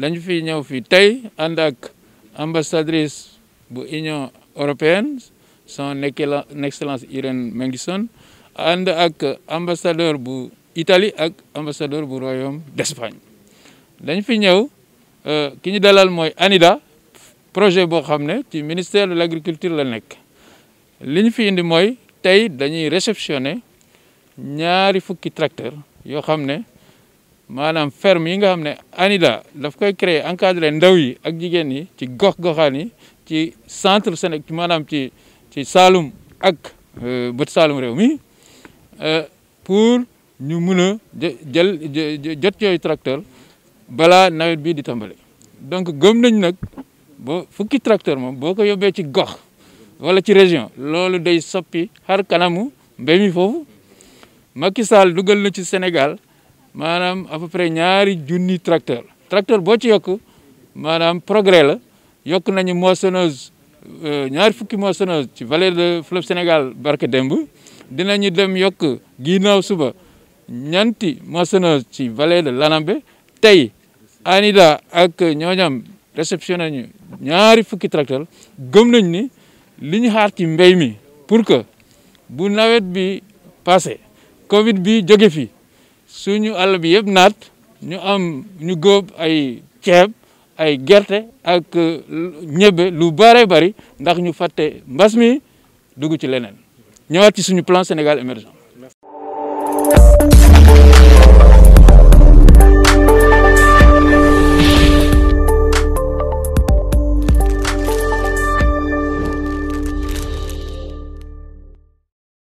dañu fi ñëw fii tey ànd ak ambassadrice bu Union européenne son excellence Irène Mingisson ànd ak ambassadeur bu itali ak ambassadeur bu royaume d'Espagne dañ fi ñëw euh, ki ñu dalal mooy ANIDA projet boo xam ne ci ministère de l'agriculture la nekk li ñu fi indi mooy tey dañuy réceptionner ñaari fukki tracteur yoo xam ne maanaam ferme yi nga xam ne ANIDA daf koy créé encadré ndaw yi ak jigéen ñi ci gox-goxaan yi ci centre Sénégal maanaam ci ci Saalum ak euh, bët Saalum réew mi euh, pour ñu mun a jël jot yooyu tracteur balaa nawet bii di tàmbale. donc gëm nañ nag boo fukki tracteur moom boo ko yóbbee ci gox wala ci région loolu day soppi xar kanamu mbéy mi foofu Macky Sall dugal na ci Sénégal. maanaam à près ñaari junni tracteur tracteur boo ci yokk maanaam progrès la yokk nañu moissonneuse euh, ñaari fukki moissonneuse ci vallée de fleuve Sénégal barke démb dinañu dem yokk ginnaaw suba ñanti moissonneuse ci vallée de Lanambé tey ANIDA ak ñooñam réceptionné nañu ñaari fukki tracteur gëm nañ ni li ñu xaar ci mbéy mi pour que bu nawet bi passé Covid bi jóge fi suñu àll bi yëpp naat ñu am ñu góob ay ceeb ay gerte ak euh, ñebe lu bare bari ndax ñu fàtte mbas mi dugg ci leneen ñëwaat ci suñu plan Sénégal émergent